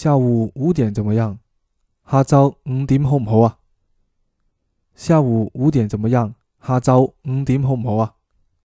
下午五點怎麼樣？下晝五點好唔好啊？下午五點怎麼樣？下晝五點好唔好啊？